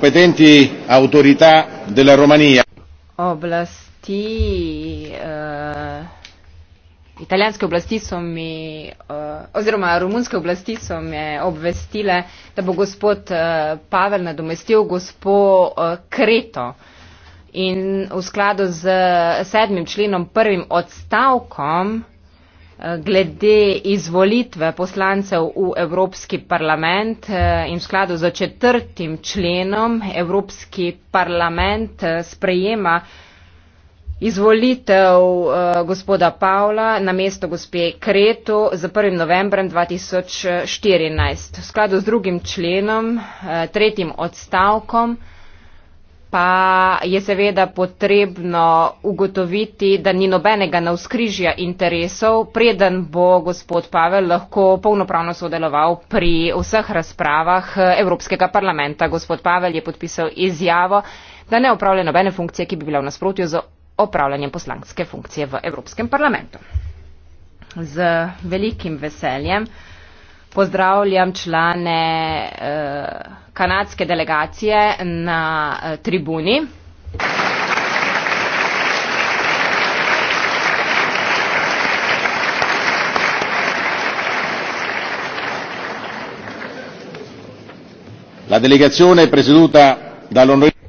competenti autorità della Romania. Oblasti, uh, eh, italijanske oblasti so mi, uh, oziroma romunske oblasti so mi obvestile, da bo gospod uh, Pavel nadomestil gospo uh, Kreto. In v skladu z sedmim členom prvim odstavkom glede izvolitve poslancev v Evropski parlament eh, in v skladu za četrtim členom Evropski parlament eh, sprejema izvolitev eh, gospoda Pavla na mesto gospe Kreto za 1. novembrem 2014. V skladu z drugim členom, tretjim odstavkom, pa je seveda potrebno ugotoviti, da ni nobenega navskrižja interesov, preden bo gospod Pavel lahko polnopravno sodeloval pri vseh razpravah Evropskega parlamenta. Gospod Pavel je podpisal izjavo, da ne opravlja nobene funkcije, ki bi bila v nasprotju z opravljanjem poslanske funkcije v Evropskem parlamentu. Z velikim veseljem pozdravljam člane. Eh, kanadske delegacije na eh, tribuni. La delegazione presieduta dall'onorevole